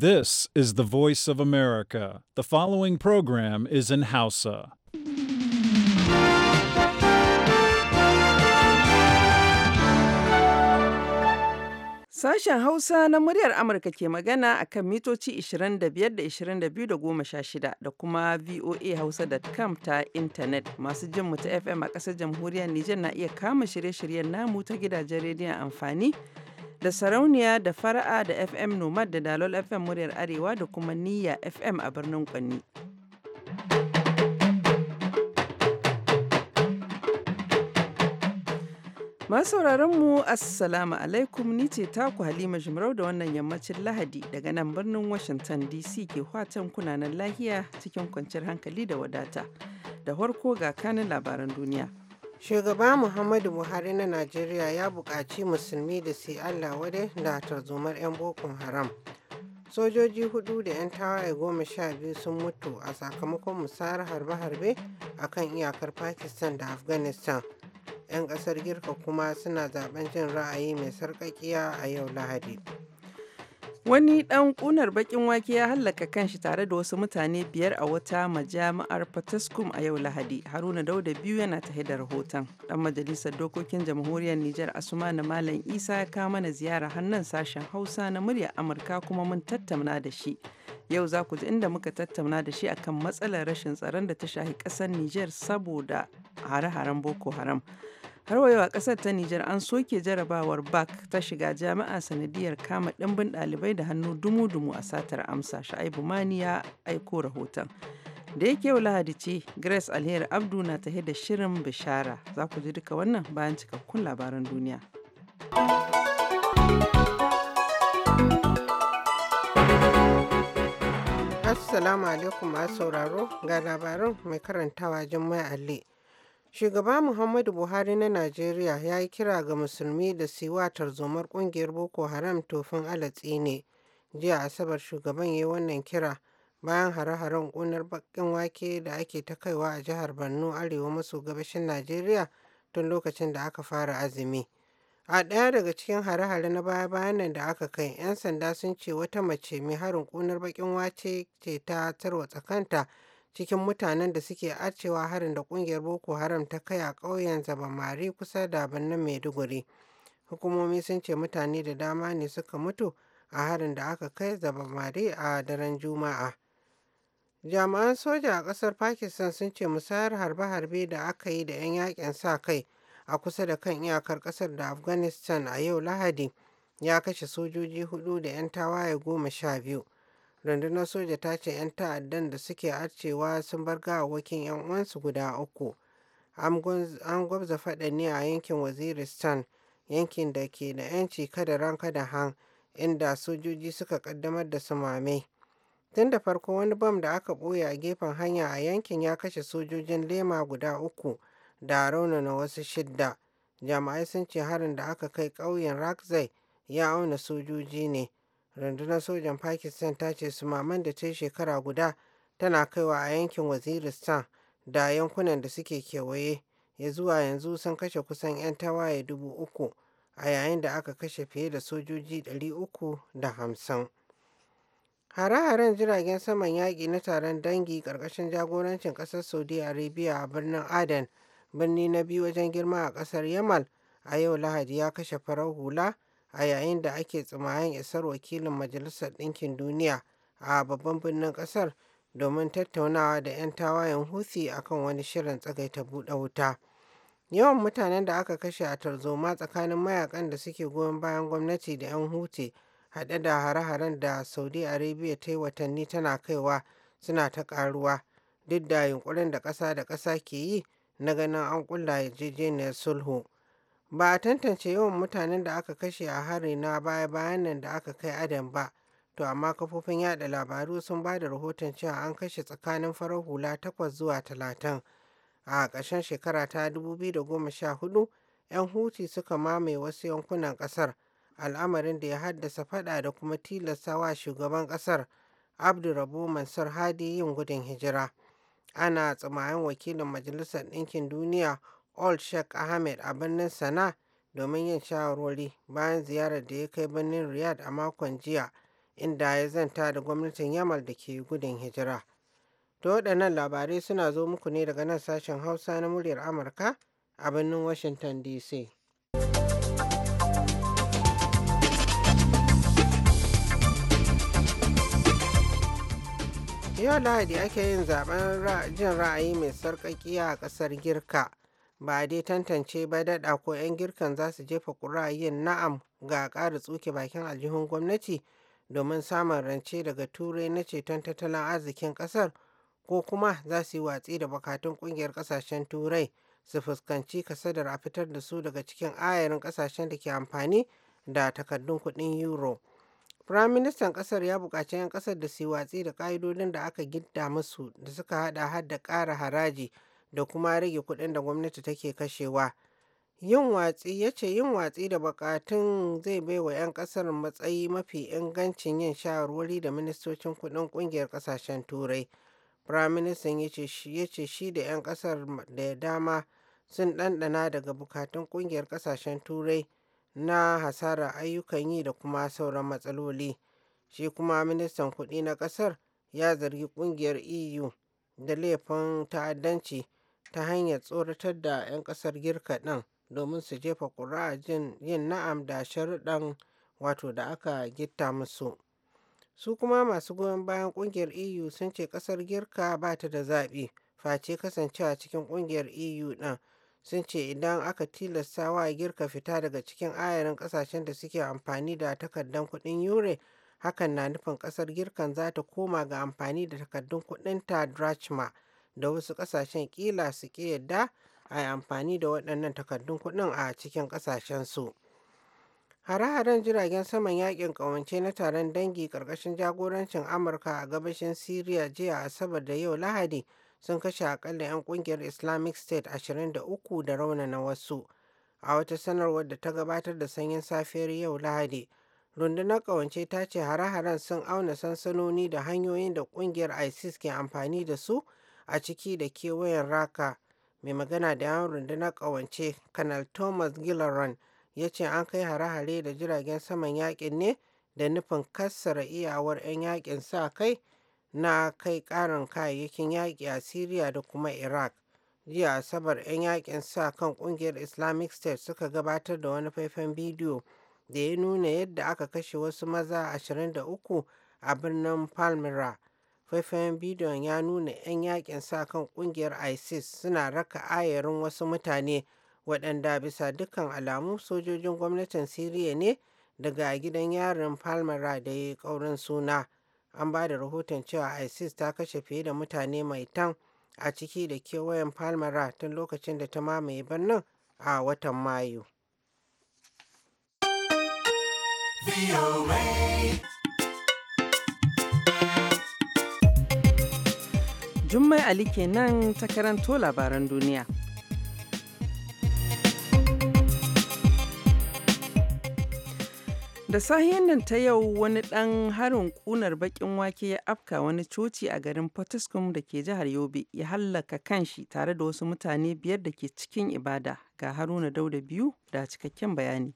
This is the voice of America. The following program is in Hausa. Sashen Hausa na muryar Amurka ke magana a kan mitoci 25 da 22 da 16 da kuma Hausa.com ta intanet masu jin mu ta FM a ƙasar jamhuriyar Nijar na iya kama shirye-shiryen namu ta gidajen rediyon amfani. da sarauniya da fara'a da fm nomad da dalol fm muryar arewa da kuma niyya fm a birnin kwanni sauraron mu assalamu alaikum ni ce taku halima jimarau da wannan yammacin lahadi daga nan birnin washington dc ke watan kunanan lahiya cikin kwanciyar hankali da wadata da harko ga kanin labaran duniya Shugaba Muhammadu Buhari na Najeriya ya buƙaci musulmi da su Allah wade da tarzomar 'yan Boko Haram. Sojoji hudu da 'yan tawaye goma sha biyu sun mutu a sakamakon musayar harbe-harbe a kan iyakar Pakistan da Afghanistan. 'Yan ƙasar Girka kuma suna zaben jin ra'ayi mai sarƙaƙiya a yau Lahadi. Wani ɗan ƙunar bakin wake ya hallaka kanshi tare da wasu mutane biyar a wata majami'ar Fataskum a yau Lahadi. Haruna Dauda biyu yana tahe da rahoton. Ɗan majalisar dokokin jamhuriyar Nijar Asumana Malam Isa ya kama na ziyara hannun sashen Hausa na muryar Amurka kuma mun tattauna da shi. Yau za ku ji inda muka tattauna da shi akan matsalar rashin tsaron da ta shahi ƙasar Nijar saboda hare-haren Boko Haram. Har wayo a kasar ta Nijar an soke jarabawar BAC ta shiga jami'a sanadiyar kama ɗimbin ɗalibai da hannu dumu-dumu a satar amsa. Sha'ibu Mani ya aiko rahoton. Da yake yau Lahadi ce, Grace Alheri Abdu na tahe da shirin bishara. Za ku ji duka wannan bayan cikakkun labaran duniya. Assalamu alaikum masu sauraro ga labarin mai karantawa Jummai Ali. Shugaba Muhammadu Buhari na Najeriya ya yi kira ga musulmi da su wa tarzomar kungiyar Boko Haram tofin alatsi ne. Jiya Asabar shugaban ya yi wannan kira bayan hare-haren ƙunar bakin wake da ake ta kaiwa a jihar Borno arewa maso gabashin Najeriya tun lokacin da aka fara azumi. A ɗaya daga cikin hare-hare na baya-bayan nan da aka kai, 'yan sanda sun ce wata mace mai harin ƙunar bakin wace ce ta tarwatsa kanta cikin mutanen da suke arcewa harin da kungiyar boko haram ta kai a ƙauyen zabamari kusa da birnin maiduguri hukumomi sun ce mutane da dama ne suka mutu a harin da aka kai zabamari a daren juma'a jami'an soja a ƙasar pakistan sun ce musayar harbe-harbe da aka yi da 'yan yakin sa kai a kusa da kan iyakar ƙasar da afghanistan a yau lahadi ya kashe sojoji hudu da 'yan tawaye goma sha biyu rundunar soja ta ce 'yan ta'addan da suke arcewa sun bar gawawwakin 'yan uwansu guda uku an gwabza faɗa ne a yankin waziristan yankin da ke da 'yanci kada ranka da han inda sojoji suka kaddamar da sumame tun da farko wani bam da aka ɓoye a gefen hanya a yankin ya kashe sojojin lema guda uku da na wasu shidda jama'ai sun ce harin da aka kai ƙauyen rakzai ya auna sojoji ne rundunar sojan pakistan ta ce su sumaman da ta yi shekara guda tana kaiwa a yankin waziristan da yankunan da suke kewaye ya zuwa yanzu sun kashe kusan 'yan tawaye dubu uku a yayin da aka kashe fiye da sojoji uku da hamsin. hare-haren jiragen saman yaƙi na taron dangi ƙarƙashin jagorancin ƙasar saudi arabia a birnin aden birni na biyu wajen girma a ƙasar yamal a yau lahadi ya kashe farar hula a yayin da ake tsimayen isar wakilin majalisar ɗinkin duniya a babban birnin ƙasar domin tattaunawa da 'yan tawayen huthi akan wani shirin tsagaita buɗe wuta yawan mutanen da aka kashe a tarzoma tsakanin mayakan da suke goyon bayan gwamnati da 'yan huti haɗe da hare-haren da saudi arabia ta yi watanni tana kaiwa suna ta ƙaruwa duk da yunkurin da ƙasa da ƙasa ke yi na ganin an ƙulla yarjejeniyar sulhu Ba a tantance yawan mutanen da aka kashe a hari na baya-bayan nan da aka kai Adam ba, to amma kafofin yada labaru sun ba da rahoton cewa an kashe tsakanin farar hula takwas zuwa talatin. A ƙarshen shekara ta 2014, 'yan Houthi suka mamaye wasu yankunan ƙasar, al'amarin da ya haddasa faɗa da kuma tilasta wa shugaban ƙasar abdurrabu Mansur Hadi yin gudun hijira. Ana tsamayin wakilin Majalisar Ɗinkin Duniya Old Sheikh Ahmed a birnin sana domin yin shawarwari bayan ziyarar da ya kai birnin Riyadh a makon jiya inda ya zanta da gwamnatin Yamal da ke gudun hijira. Da waɗannan labarai suna zo muku ne daga nan sashen Hausa na muryar Amurka a birnin Washington DC. Yau Lahadi ake yin zaben jin ra'ayi mai sarƙaƙiya a ƙasar Girka. ba a dai tantance ba daɗa ko 'yan girkan za su jefa ƙuri'a na'am ga ƙara tsuke bakin aljihun gwamnati domin samun rance daga turai na ceton tattalin arzikin ƙasar ko kuma za su yi watsi da bukatun ƙungiyar ƙasashen turai su fuskanci kasadar a fitar da su daga cikin ayarin ƙasashen da ke amfani da takardun kuɗin euro firaministan ƙasar ya buƙaci 'yan ƙasar da su yi watsi da ƙa'idodin da aka gidda musu da suka haɗa har da ƙara haraji da kuma rage kuɗin da gwamnati take kashewa. Yin watsi ya ce yin watsi da bukatun zai bai wa 'yan kasar matsayi mafi ingancin yin shawarwari da ministocin kuɗin ƙungiyar kasashen turai. Firaministan ya ce shi da 'yan kasar da dama sun ɗanɗana daga bukatun ƙungiyar ƙasashen turai na hasara ayyukan yi da kuma sauran matsaloli. Shi kuma ministan kuɗi na ƙasar ya zargi kungiyar EU da laifin ta'addanci. ta hanyar tsoratar da 'yan ƙasar Girka ɗin domin su jefa ƙuri'a yin na'am da sharuɗan wato da aka gitta musu. Su kuma masu goyon bayan ƙungiyar EU sun ce ƙasar Girka ba ta da zaɓi face kasancewa cikin ƙungiyar EU ɗin. Sun ce idan aka tilasta wa Girka fita daga cikin ayarin ƙasashen da suke amfani da takardar kuɗin Yure, hakan na nufin ƙasar Girkan za ta koma ga amfani da takardun kuɗinta Drachma da wasu kasashen ƙila su ke yadda a yi amfani da waɗannan takardun kuɗin a cikin su Hare-haren jiragen saman yakin ƙawance na taron dangi ƙarƙashin jagorancin Amurka a gabashin Siriya jiya Asabar da yau Lahadi sun kashe akalla 'yan ƙungiyar Islamic State 23 da rauna na wasu. A wata sanarwar da ta gabatar da sanyin safiyar yau Lahadi, rundunar ƙawance ta ce hare-haren sun auna sansanoni da hanyoyin da ƙungiyar ISIS ke amfani da su a ciki da kewayen raka Mai magana da yawon rundunar ƙawance, Kanal Thomas gilleron ya ce an kai hare-hare da jiragen saman yakin ne da nufin kassara iyawar 'yan yakin sa kai na kai ƙarin kayayyakin yaƙi a Syria da kuma Iraq. Jiya Asabar 'yan yakin sa kan ƙungiyar Islamic State suka gabatar da wani faifan bidiyo da ya nuna yadda aka kashe wasu maza 23 a birnin Palmyra. Faifayen bidiyon ya nuna 'yan yakin sa kan kungiyar ISIS suna raka ayarin wasu mutane waɗanda bisa dukkan alamu sojojin gwamnatin Siriya ne daga gidan yarin palmera da ya ƙaurin suna. An ba da rahoton cewa ISIS ta kashe fiye da mutane mai tan a ciki da kewayen palmera tun lokacin da ta mamaye birnin a watan Mayu. Jummai Ali kenan ta karanto labaran duniya. Da sahiyan nan ta yau wani ɗan harin ƙunar baƙin wake ya afka wani coci a garin potiskum da ke jihar Yobe ya hallaka shi tare da wasu mutane biyar da ke cikin ibada ga Haruna Dauda biyu da cikakken bayani.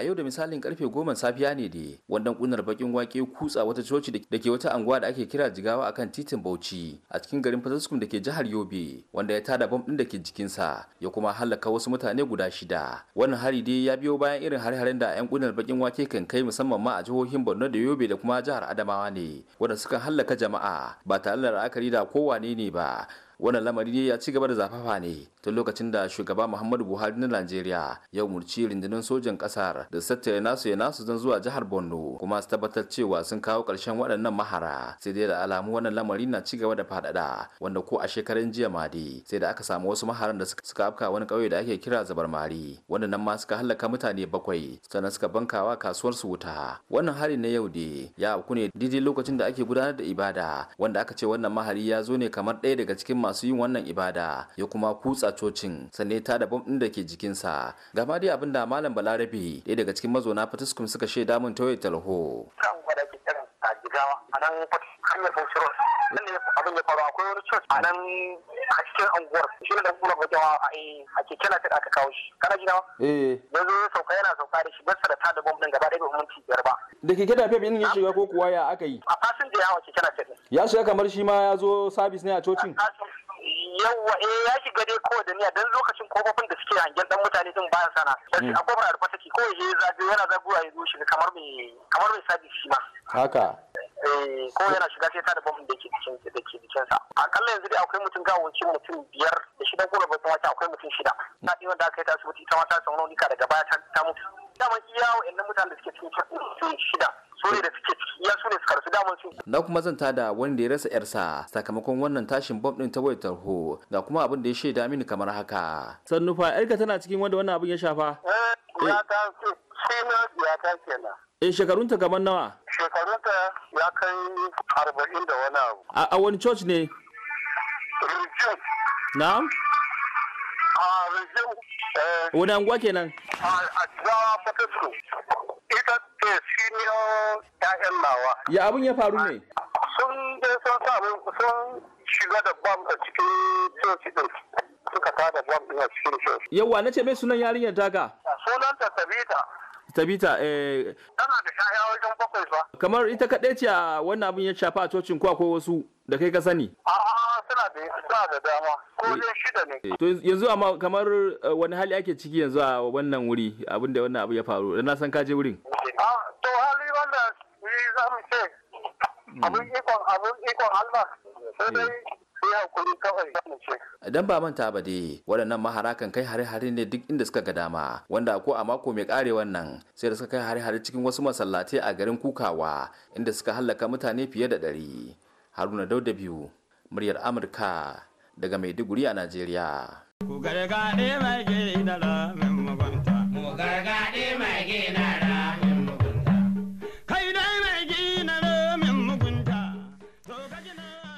a yau da misalin karfe goma safiya ne da wannan kunar bakin wake kutsa wata coci da ke wata anguwa da ake kira jigawa akan titin bauchi a cikin garin fasaskum da ke jihar yobe wanda ya tada bom din da ke jikinsa ya kuma halaka wasu mutane guda shida wannan hari dai ya biyo bayan irin hare-haren da yan kunar bakin wake kan kai musamman ma a jihohin borno da yobe da kuma jihar adamawa ne wanda suka halaka jama'a ba tare da la'akari da kowane ne ba wannan lamari ya ci gaba da zafafa ne tun lokacin da shugaba muhammadu buhari na najeriya ya umarci rundunar sojan kasar da sattare nasu ya nasu zan zuwa jihar borno kuma su tabbatar cewa sun kawo karshen waɗannan mahara sai dai da alamu wannan lamari na ci gaba da faɗaɗa wanda ko a shekarun jiya ma sai da aka samu wasu maharan da suka afka wani ƙauye da ake kira zabarmari waɗannan ma suka hallaka mutane bakwai sannan suka bankawa kasuwar su wuta wannan hari na yau dai ya auku ne daidai lokacin da ake gudanar da ibada wanda aka ce wannan mahari ya zo ne kamar ɗaya daga cikin masu yin wannan ibada ya kuma kutsa cocin sannan ya da bom ɗin da ke jikinsa Gama ma dai abin da malam balarabe ɗaya daga cikin mazauna fatiskum suka shaida min ta wayar talho. a jigawa a nan hanyar bauchi nan ne abin ya faru akwai wani church a nan a cikin anguwar shi ne dan kula ba jawa a a keke na aka kawo shi kana ji nawa eh yanzu ya sauka yana sauka da shi barsa da ta da bomb gaba ɗaya bai minti biyar ba da keke da fef ya shiga ko kuwa ya aka yi a fasin da yawa keke na ya shiga kamar shi ma ya zo sabis ne a cocin yawa eh ya shiga dai kowa da niyya don lokacin kofofin da suke hangen dan mutane din ba sana sai a kofar arfa take kawai ya zaje yana zaguwa ya zo shiga kamar mai kamar mai sabis shi ma haka eh ko yana shiga sai ta da bombin da ke cikin da ke cikin sa kallon yanzu dai akwai mutum ga wuce mutum biyar da shi dan gura ba wata akwai mutum shida na din wanda aka yi ta asibiti ta ma ta samu ka daga baya ta mutu daman iya wa'annan mutanen da suke cikin shida so ne da suke gaskiya su ne suka rasu damar su. Na kuma zan tada wani da ya rasa yarsa sakamakon wannan tashin bom din ta wayar tarho ga kuma abin da ya shaida mini kamar haka. Sannufa yarka tana cikin wanda wannan abin ya shafa? Eh, ya ta shi na ya ta kenan. Eh ta kamar nawa? Shekarun ta ya kai arba'in da wani abu. A wani church ne? Na'am. a rijau wani anguwa kenan a jigawa potasko ita ce senior ya'yan nawa ya abin ya faru ne sun dai sun samu sun shiga da bam a cikin coci din suka tada bam din a cikin coci yawa na ce mai sunan yarinyar sunan ta tabita Tabita eh tana da ƴaƴa wajen bakwai ba kamar ita kaɗai ce a wannan abin ya shafa a cocin ko wasu da kai ka sani a'a suna da tana da dama ko eh. dai shida ne eh. to yanzu amma kamar eh, wani hali ake ciki yanzu a wannan wuri abinda wannan abu ya faru na san kaje wurin to hali wanda ni za mu ce hmm. abin ikon abin ikon Allah sai hmm. dai Dan ba manta ba dai waɗannan mahara kan kai hare-hare ne duk inda suka ga dama wanda ko a mako mai kare wannan sai da suka kai hare-hare cikin wasu masallatai a garin Kukawa inda suka hallaka mutane fiye da ɗari. Haruna Dauda biyu muryar amurka daga maiduguri a najeriya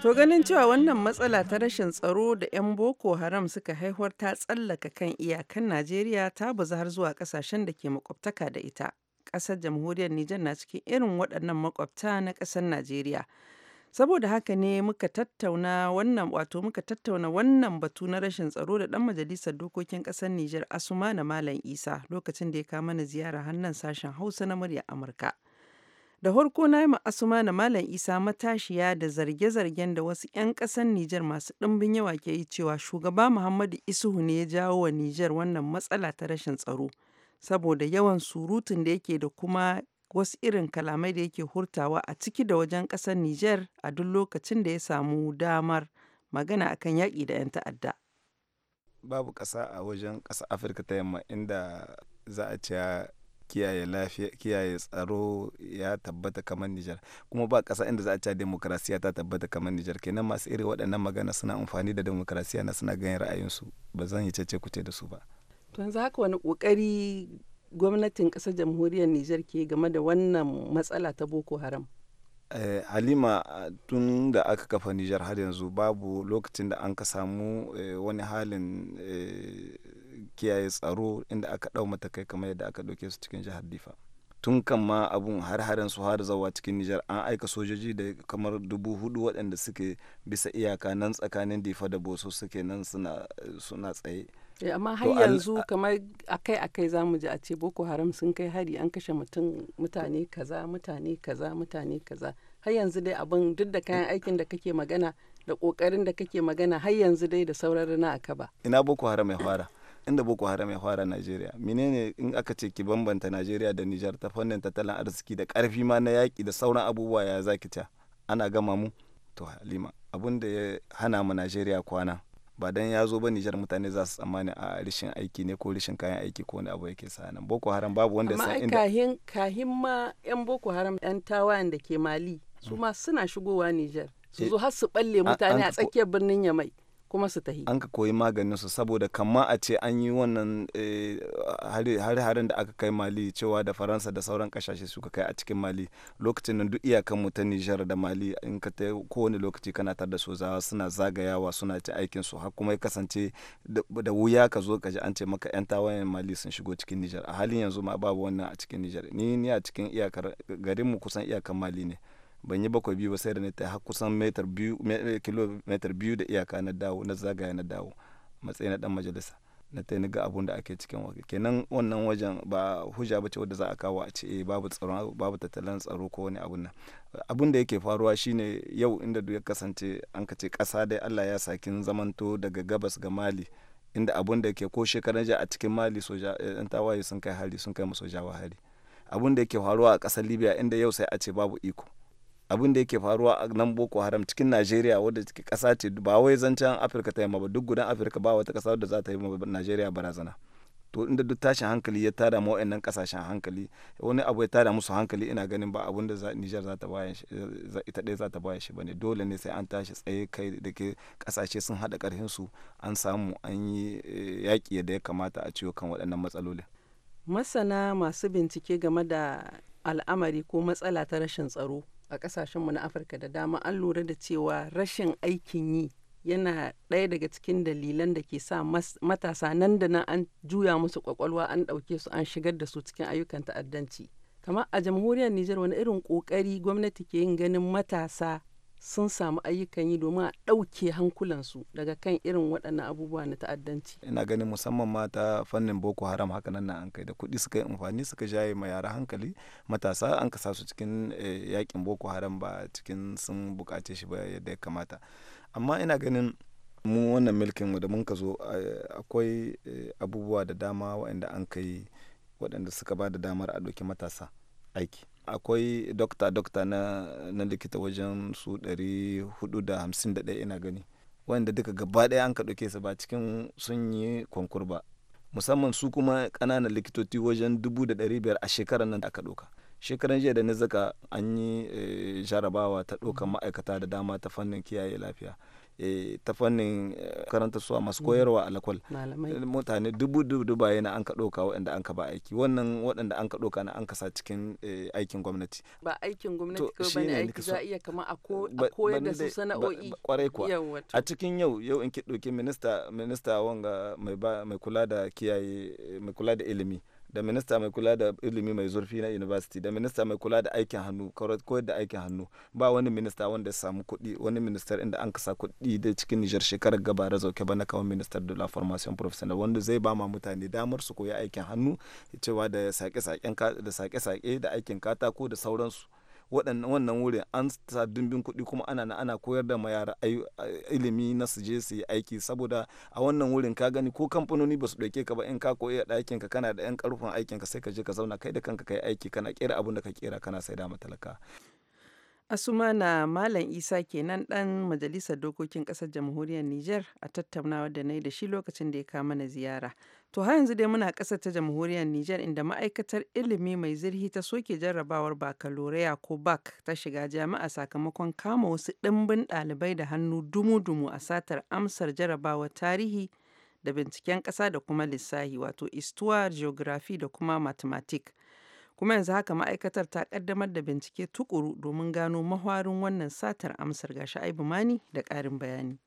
to ganin cewa wannan matsala ta rashin tsaro da 'yan boko haram suka haihuwar ta tsallaka kan iyakan najeriya ta bazu har zuwa kasashen da ke makwabtaka da ita ƙasar jamhuriyar nijar na cikin irin waɗannan makwabta na ƙasar najeriya Saboda haka ne muka tattauna wannan wato muka tattauna wannan batu na rashin tsaro da dan majalisar dokokin kasar Nijar Asumana Malam Isa lokacin da ya kawo mana ziyara hannan sashen Hausa na muryar Amurka. da farko na asuma na malam isa matashiya da zarge-zargen da wasu 'yan ƙasar Nijar masu ɗimbin yawa ke yi cewa shugaba Muhammadu Isuhu ne ya jawo wa Nijar wannan matsala ta rashin tsaro saboda yawan surutun da yake da kuma wasu irin kalamai da yake hurtawa a ciki da wajen ƙasar Nijar a duk lokacin da ya samu damar magana akan yaƙi da 'yan ta'adda. Babu ƙasa a wajen ƙasa Afirka ta yamma inda za a ce kiyaye lafiya kiyaye tsaro ya tabbata kamar Nijar kuma ba ƙasa inda za a ce demokrasiya ta tabbata kamar Nijar kenan masu irin waɗannan magana suna amfani da demokrasiya na suna ganin ra'ayinsu ba zan yi cece kuce da su ba. To yanzu haka wani ƙoƙari gwamnatin ƙasar jamhuriyar Nijar ke game da wannan matsala ta Boko Haram? Eh, halima tun da aka kafa Nijar har yanzu babu lokacin da an ka samu eh, wani halin eh, kiyaye tsaro inda aka ɗau matakai kamar yadda aka ɗauke su cikin jihar Difa. Tun kan ma abun har haren su har zawa cikin Nijar an aika sojoji da kamar dubu hudu waɗanda suke bisa iyaka nan tsakanin Difa da Boso suke nan suna tsaye. Eh, amma har yanzu kamar akai akai za mu ji a ce boko haram sun kai hari an kashe mutum mutane kaza mutane kaza mutane kaza har yanzu dai abin duk da kayan aikin da kake magana da kokarin da kake magana har yanzu dai da sauran rana aka ba ina boko haram ya fara inda boko haram ya fara najeriya menene in aka ce ki bambanta najeriya da nijar ta fannin tattalin arziki da karfi ma na yaƙi da sauran abubuwa ya zaki ta ana gama mu to halima abun da ya hana mu najeriya kwana ba dan ya zo ba Nijar mutane za su tsammani a rishin aiki ne ko rishin kayan aiki ko wani abu yake sa nan Boko Haram babu wanda san inda kahin kahin ma yan Boko Haram yan tawayen da ke Mali su ma suna shigowa Nijar su eh, zo har su balle mutane a tsakiyar birnin Yamai kuma su tahi an ka koyi maganin su saboda kama a ce an yi wannan eh, hare-haren da aka kai mali cewa da faransa da sauran kasashe suka kai a cikin mali lokacin nan duk iyakan mu ta nijar da mali in ka ta kowane lokaci kana tar da sozawa suna zagayawa suna ci aikin su har kuma ya kasance da wuya ka zo ka ji an ce maka yan tawayen mali sun shigo cikin nijar a halin yanzu ma babu wannan a cikin nijar ni ni a cikin iyakar garin mu kusan iyakan mali ne ban yi bakwai biyu ba sai da na ta har kusan metar eh, biyu da iyaka na dawo na zagaya na dawo matsayi na dan majalisa na ta ga abun da ake cikin waje kenan wannan wajen ba hujja ba ce wadda za a kawo a ce eh, babu tsaro babu tattalin tsaro ko wani abun nan abun da yake faruwa shine yau inda duk ya kasance an ka ce kasa dai Allah ya sakin zamanto daga gabas ga Mali inda abun da ke ko shekaran a cikin Mali soja eh, yan tawaye sun kai hari sun kai masojawa hari abun da yake faruwa a kasar Libya inda yau sai a ce babu iko abin da yake faruwa a nan boko haram cikin najeriya wadda take kasa ce ba wai zancen afirka ta yamma ba duk gudan afirka ba wata kasa da za ta yi ma najeriya barazana to inda duk tashin hankali ya tada ma wa'annan kasashen hankali wani abu ya tada musu hankali ina ganin ba abun da nijar za ta bayan ita ɗaya za ta bayan shi ne dole ne sai an tashi tsaye kai da ke kasashe sun haɗa ƙarfin su an samu an yi eh, yaƙi yadda ya kamata a ciwo kan waɗannan matsalolin masana masu bincike game da al'amari ko matsala ta rashin tsaro a kasashenmu na afirka da dama an lura da cewa rashin aikin yi yana ɗaya daga cikin dalilan da ke sa matasa nan da nan an juya musu kwakwalwa an ɗauke su an shigar da su cikin ayyukan ta'addanci kamar a jamhuriyar nijar wani irin ƙoƙari gwamnati ke yin ganin matasa sun samu ayyukan yi domin a ɗauke hankulansu daga kan irin waɗannan abubuwa na ta'addanci. Ina ganin musamman mata fannin Boko Haram haka nan na an kai da kuɗi suka yi amfani suka jaye ma yara hankali matasa an kasa su cikin eh, yakin Boko Haram ba cikin sun buƙace shi ba yadda ya kamata. Amma ina ganin mu wannan milkin da mun ka zo eh, akwai eh, abubuwa da dama waɗanda an kai waɗanda suka ba da damar a ɗauki matasa aiki. akwai dokta dokta na, na likita wajen su 451 ina gani wanda duka gaba ɗaya an ka ɗauke su ba cikin sun yi konkur ba musamman su kuma ƙananan likitoci wajen 500 a shekarar nan da aka ɗauka shekaran jiya da na zaka an yi eh, jarabawa ta ɗaukar ma'aikata da dama ta fannin kiyaye lafiya E, ta fannin e, karanta suwa masu mm. koyarwa a lakwal mutane dubu dubu dubaye na an ka doka waɗanda an ka ba aiki wannan waɗanda an ka doka na an kasa cikin e, aikin gwamnati ba aikin gwamnati ko ba ne aiki za a iya kama a koyar da su sana'o'i kwarai kuwa a cikin yau yau in ki doki minista minista wanga mai kula da kiyaye mai kula da ilimi da minista mai kula da ilimi mai zurfi na university da minista mai kula da aikin hannu koyar da aikin hannu ba wani minista wanda ya samu kuɗi wani minista inda an kasa kuɗi da cikin nijar shekarar gabara zauke ba na kawo minista de la formation professionnel wanda zai ba ma mutane damar su koyi aikin hannu cewa da sake-sake da aikin katako da sauransu wannan wurin an dimbin kuɗi kuma ana na ana koyar da yara ilimi na su je su yi aiki saboda a wannan wurin ka gani ko kamfanoni ba su ɗauke ka ba in ka koyi a ɗakin ka kana da yan karfin aikin ka sai ka je ka zauna kai da kanka kai aiki kana kera abun da ka kera kana sai da matalaka Asumana Malam Isa kenan ɗan Majalisar Dokokin Ƙasar Jamhuriyar Nijar a tattaunawa da na yi da shi lokacin da ya kawo mana ziyara. To har yanzu dai muna ƙasar ta Jamhuriyar Nijar inda ma'aikatar ilimi mai zirhi ta soke jarrabawar bakaloreya ko BAC ta shiga jami'a sakamakon kama wasu ɗimbin ɗalibai da hannu dumu-dumu a satar amsar jarrabawar tarihi da binciken ƙasa da kuma lissahi wato histoire, geography da kuma mathematics. Kuma yanzu haka ma'aikatar ta kaddamar da bincike tukuru domin gano mahwarin wannan satar amsar ga Sha'ibu Mani da karin bayani.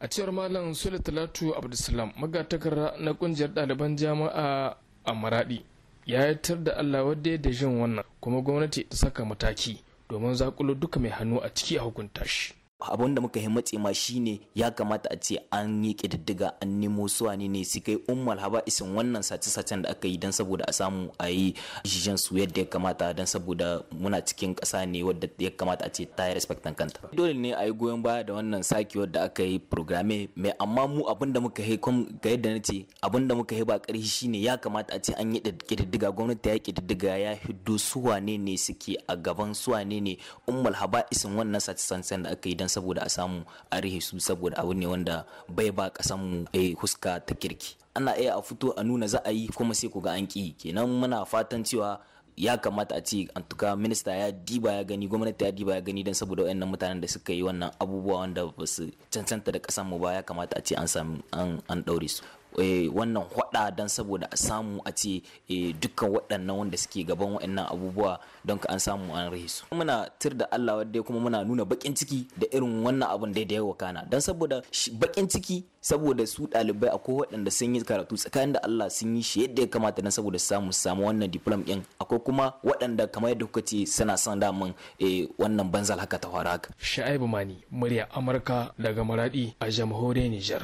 A cewar Malam Sule Talatu Abdulsalam magatakara na kungiyar ɗaliban jama'a a Maradi ya yatar da Allah wadda da jin wannan kuma gwamnati ta saka mataki domin zakulo duka mai hannu a ciki a hukunta shi. abin da muka himmatse ma shine ya kamata a ce an yi ƙididdiga an nemo su ne ne su kai ummal haba isin wannan sace-sacen da aka yi don saboda a samu a yi jijen su yadda ya kamata don saboda muna cikin kasa ne wadda ya kamata a ce ta yi respectan kanta dole ne a yi goyon baya da wannan saki wadda aka yi programme mai amma mu abin da muka yi ga yadda na ce abin da muka yi ba ƙarfi shine ya kamata a ce an yi ƙididdiga gwamnati ya ƙididdiga ya hiddo su ne ne suke a gaban su ne ne ummal haba isin wannan sace-sacen da aka yi don saboda a samu a rihe su saboda abu ne wanda bai ba kasanmu eh, huska ta kirki ana iya a fito a nuna za a yi kuma sai ku ga an ki kenan muna fatan cewa ya kamata a ce an tuka minista ya diba ya gani gwamnati ya diba ya gani don saboda wayannan mutanen da suka yi wannan abubuwa wanda ba su cancanta da kasan mu ba ya kamata a ce an sami an daure su Eh, wannan hwada don saboda a samu a ce eh, dukkan waɗannan wanda suke gaban waɗannan abubuwa don ka an samu an rahe su muna tur da Allah wadda kuma muna nuna bakin ciki da irin wannan abun da ya wakana don saboda bakin ciki saboda su ɗalibai akwai waɗanda sun yi karatu tsakanin da Allah sun yi shi yadda ya kamata don saboda samu samu wannan diplom ɗin akwai kuma waɗanda kamar yadda kuka ce suna son damun eh, wannan banzal haka ta haka. Sha'ibu Mani, murya Amurka daga Maradi a jamhuriyar Nijar.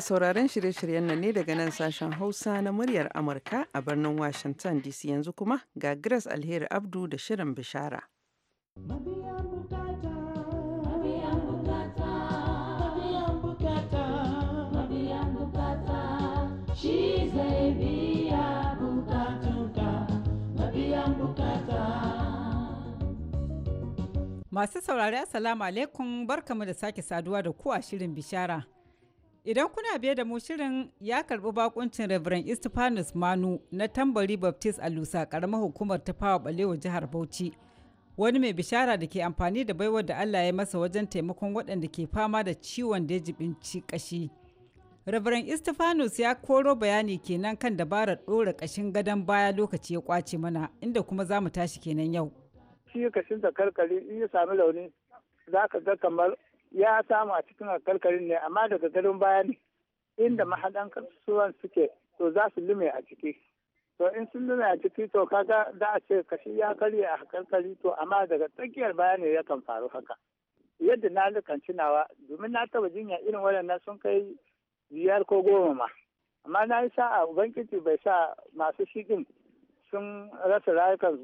sauraron shirye-shiryen nan ne daga nan sashen Hausa na muryar Amurka a birnin Washington DC yanzu kuma ga Grace Alheri Abdu da Shirin Bishara. Masu saurari Assalamu alaikum barkamu da sake saduwa da ku shirin bishara. Idan kuna biye da mu shirin ya karbi bakuncin Reverend Istifanus Manu na tambari Baptist a Lusa karamar hukumar ta fawa balewa jihar Bauchi. Wani mai bishara da ke amfani da baiwar da Allah ya masa wajen taimakon waɗanda ke fama da ciwon da ya kashi. Reverend Istifanus ya koro bayani kenan kan dabarar ɗora ƙashin gadon baya lokaci ya kwace mana inda kuma za mu tashi kenan yau. Shi kashin da karkari in ya sami launi za ka ga kamar ya samu a cikin alkalkarin ne amma daga garin baya ne inda hmm. mahaɗan kasuwan suke to za su lume a ciki to in sun lume a ciki to kaga za a ce kashi ya karye a alkalkari to amma daga tsakiyar baya ne kan faru haka yadda na lukan nawa domin na taba jinya irin waɗannan sun kai biyar ko goma ma amma na yi sa'a ubangiji bai sa masu shigin sun rasa rayukan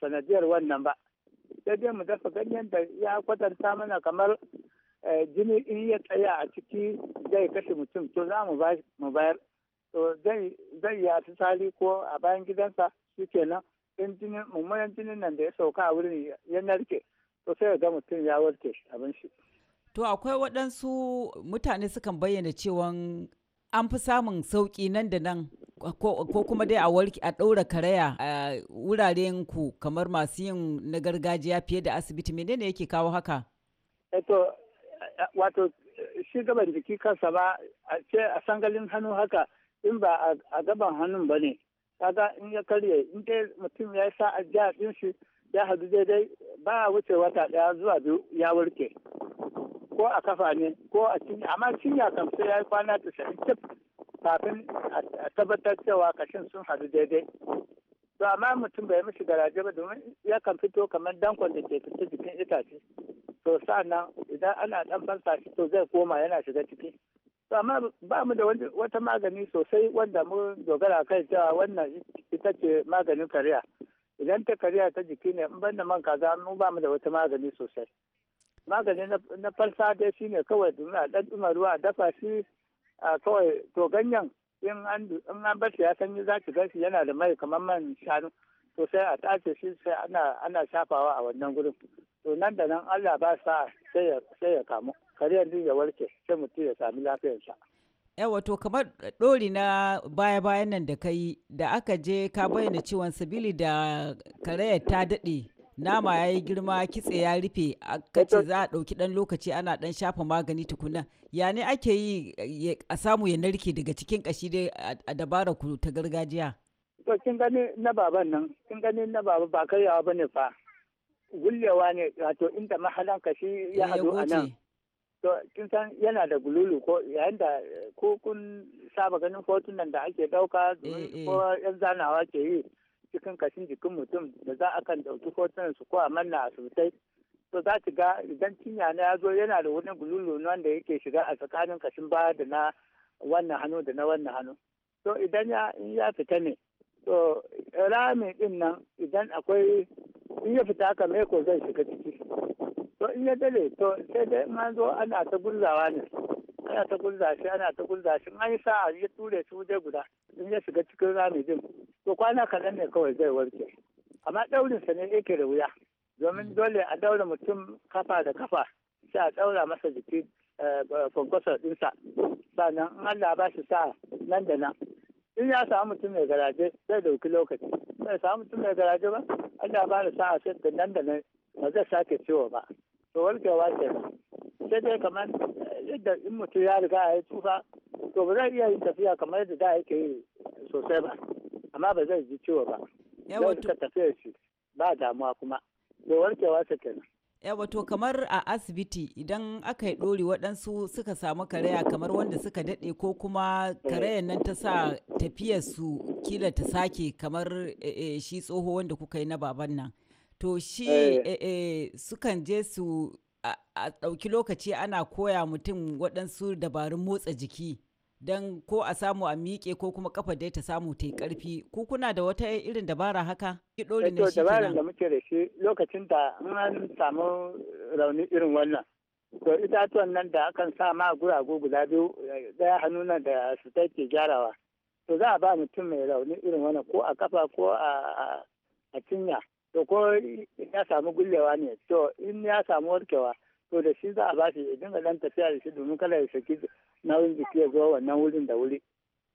sanadiyar wannan ba sai dai mu dafa ganyen da ya kwatanta mana kamar eh, jini in ya tsaya a ciki zai kashe mutum to za mu bayar to zai ya sali ko a bayan gidansa shi kenan in jinin mummunan jinin nan da ya sauka a wurin ya narke to sai ga mutum ya warke abin shi to akwai waɗansu mutane sukan bayyana cewan. an fi samun sauki nan da nan ko kuma dai a a ɗaura karaya a wuraren ku kamar masu yin na gargajiya fiye da asibiti menene yake kawo haka? Eto, eh, wato shi gaban jiki kansa ba a sangalin hannu haka in ba a gaban hannun ba ne kaga in ya karye in dai mutum ya sa a ɗin shi ya hadu daidai ba a wuce wata ɗaya zuwa biyu ya warke ko a kafa ne ko a cinya amma cinya kam sai ya yi kwana ta tif kafin a tabbatar cewa kashin sun haɗu daidai to amma mutum bai mishi garaje ba domin ya kan fito kamar dankon da ke fita jikin itace to sa'annan idan ana dan fansa shi to zai koma yana shiga ciki to amma ba mu da wata magani sosai wanda mu dogara kai cewa wannan ita ce maganin kariya idan ta kariya ta jiki ne in banda man kaza mu ba mu da wata magani sosai magani na falsa dai shine kawai a ɗan ɗuma ruwa a dafa shi a kawai to ganyen in an an bar shi ya sanyi za ki gan shi yana da mai kamar man shanu to sai a tace shi sai ana shafawa a wannan gurin to nan da nan Allah ba sa sai ya kamu yanzu ya warke sai mutum ya sami lafiyarsa. yawa to kamar ɗori na baya-bayan nan da ka yi da aka je ka bayyana ciwon sabili da karayar ta daɗe nama ya yi girma kitse ya rufe a kace za a ɗauki ɗan lokaci ana ɗan shafa magani tukunna ya ne ake yi a samu ya narke daga cikin ƙashi dai a dabara ku ta gargajiya to kin gani na baban nan kin gani na baba ba karyawa ne fa gullewa ne wato inda mahalan kashi ya eh, hado a nan to kin san yana da gululu ko yayin da ko kun saba ganin hotunan da ake ɗauka eh, eh. ko yan zanawa ke yi cikin kashin jikin mutum da za a kan ɗauki hotunan su ko a manna a sosai to za ki ga idan cinya na ya zo yana da wani gululu wanda yake shiga a tsakanin kashin baya da na wannan hannu da na wannan hannu to idan ya in ya fita ne to rami din nan idan akwai in ya fita haka me ko zai shiga ciki to in ya dale to sai dai in an zo ana ta gurzawa ne ana ta gurza shi ana ta gurza shi an yi sa'a ya ture shi waje guda in ya shiga cikin rami din to kwana kaɗan ne kawai zai warke amma ɗaurin sa ne yake da wuya domin dole a daura mutum kafa da kafa sai a ɗaura masa jiki eh, kwankwasar ɗinsa sannan in Allah ba shi sa'a nan da nan in ya samu mutum mai garaje zai dauki lokaci bai samu mutum mai garaje ba Allah ba da sa'a sai da nan da nan ba zai sake ciwo ba to wa kenan sai dai kamar eh, yadda in mutum ya riga ya tufa to ba zai iya yin tafiya kamar yadda da yake yi sosai ba amma ba zai ji ciwo ba yawa ta tafiya shi ba damuwa kuma to warkewa wa kenan yawa to kamar a asibiti idan aka yi dori waɗansu suka samu karaya kamar wanda suka daɗe ko kuma karayan nan ta sa tafiyar su kila ta sake kamar eh, eh, shi tsoho wanda kuka yi na baban nan to shi eh. Eh, eh, sukan je su a ɗauki lokaci ana koya mutum waɗansu dabarun motsa jiki don ko a samu a miƙe ko kuma kafa dai ta samu ta yi ƙarfi ku kuna da wata irin dabara haka ki ɗori ne shi da muke da shi lokacin da an samu rauni irin wannan to itatuwan nan da akan sa ma gurago guda biyu ɗaya hannu nan da su ke gyarawa to za a ba mutum mai rauni irin wannan ko a kafa ko a cinya to ko ya samu gullewa ne to in ya samu warkewa to da shi za a bashi ya dinga dan tafiya da shi domin kada ya saki nauyin jiki ya zo wannan wurin da wuri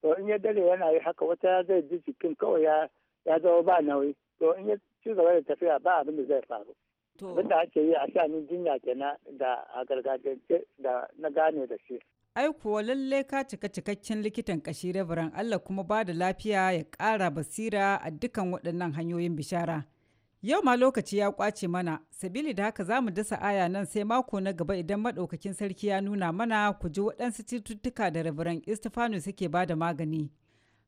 to in ya dare yana yi haka wata zai ji jikin kawai ya ya zama ba nauyi to in ya ci gaba da tafiya ba abin da zai faru abin da ake yi a sha min jinya kenan da a gargajiyance da na gane da shi ai kuwa lalle ka cika cikakken likitan kashi rabaran Allah kuma ba da lafiya ya ƙara basira a dukkan waɗannan hanyoyin bishara. Yau ma lokaci ya kwace mana, sabili da haka za mu dasa aya nan sai mako na gaba idan maɗaukakin sarki ya nuna mana ku ji waɗansu cututtuka da rabaran Istifanu suke ba da magani.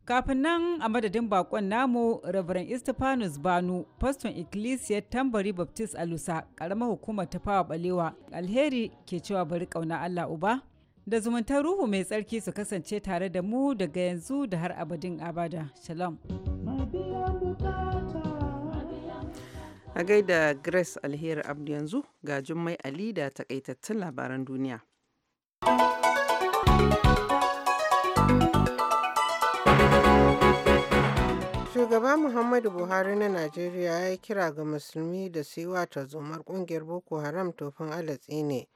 Kafin nan a madadin bakon namu Reverend Istifanus Banu, faston Ecclesia Tambari Baptist Alusa, ƙaramar hukumar ta fawa balewa, alheri ke cewa bari ƙauna Allah Uba, da zumuntar ruhu mai tsarki su kasance tare da mu daga yanzu da har abadin abada. Shalom. A gaida Grace Alheri Abdu yanzu ga Jummai Ali da takaitattun labaran duniya. Shugaba Muhammadu Buhari na Najeriya ya yi kira ga musulmi da su yi wata zomar kungiyar Boko Haram tofin alatsi ne.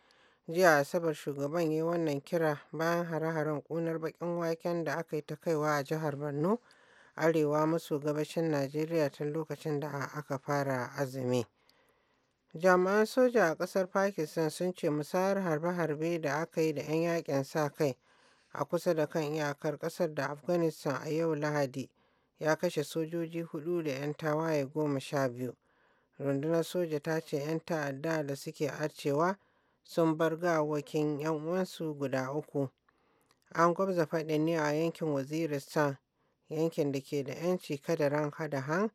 Jiya Asabar shugaban yi wannan kira bayan hare-haren kunar bakin waken da aka yi ta kaiwa a jihar Borno. arewa maso gabashin Najeriya tun lokacin da aka fara azumi. Jami'an soja a ƙasar Pakistan sun ce musayar harbe-harbe da aka yi da 'yan yakin sa kai a kusa da kan iyakar ƙasar da Afghanistan a yau Lahadi ya kashe sojoji hudu da 'yan tawaye goma sha biyu. Rundunar soja ta ce 'yan ta'adda da suke arcewa sun bar gawakin 'yan uwansu guda uku. An gwabza faɗin ne a yankin Waziristan yankin da ke da 'yanci kada ran hada han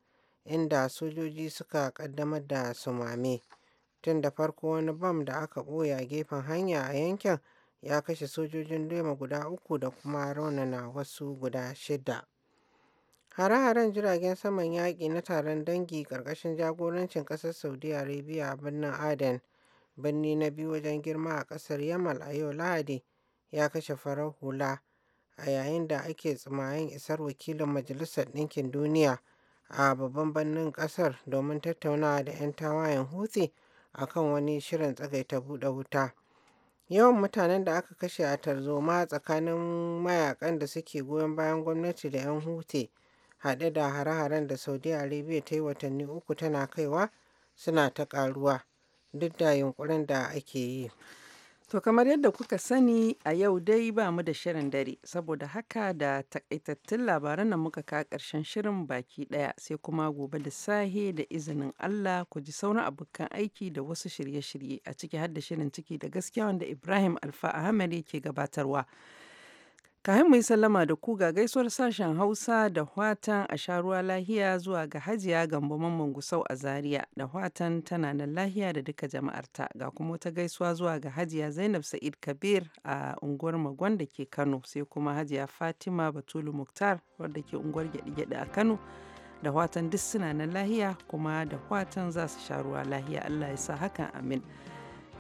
inda sojoji suka kaddamar da sumame tun da farko wani bam da aka boya gefen hanya a yankin ya kashe sojojin lema guda uku da kuma raunana wasu guda shida hare-haren jiragen saman yaƙi na taron dangi ƙarƙashin jagorancin ƙasar saudi arabia a birnin aden birni na biyu wajen girma a ƙasar yamal a yau lahadi ya kashe farar hula a yayin da ake tsimayin isar wakilin majalisar ɗinkin duniya a babban birnin ƙasar domin tattaunawa da 'yan tawayen a kan wani shirin tsagaita buɗe wuta yawan mutanen da aka kashe a tarzoma tsakanin mayakan da suke goyon bayan gwamnati da 'yan houthi haɗe da hare-haren da saudi arabia ta yi watanni uku tana kaiwa suna ta ƙaruwa duk da yunkurin da ake yi To kamar yadda kuka sani a yau dai ba mu da shirin dare, saboda haka da takaitattun labaran nan muka ka karshen shirin baki daya sai kuma gobe da sahe da izinin Allah ku ji sauran abokan aiki da wasu shirye-shirye a ciki har da shirin ciki da gaskiya wanda Ibrahim Alfa Ahmed ke gabatarwa. Kahin mu yi sallama da ku ga gaisuwar sashen Hausa da watan a sharuwa lahiya zuwa ga Hajiya Gambo Mamman Gusau a Zaria da watan tana nan lahiya da duka jama'arta ga kuma wata gaisuwa zuwa ga Hajiya Zainab Sa'id Kabir a unguwar Magwan da ke Kano sai kuma Hajiya Fatima Batulu Muktar wadda ke unguwar Gyaɗe-gyaɗe a Kano da watan duk suna nan lahiya kuma da watan za su sharuwa lahiya Allah ya sa hakan amin.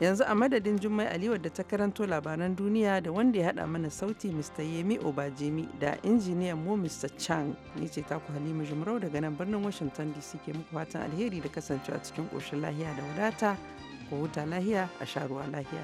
yanzu a madadin jummai aliyu da ta karanto labaran duniya da wanda ya hada mana sauti mr yemi obajemi da injiniyan mu mr chang ni ce taku halima jumrau daga nan birnin washington dc ke muku fatan alheri da kasancewa cikin koshin lahiya da wadata ko huta lahiya a sha lahiya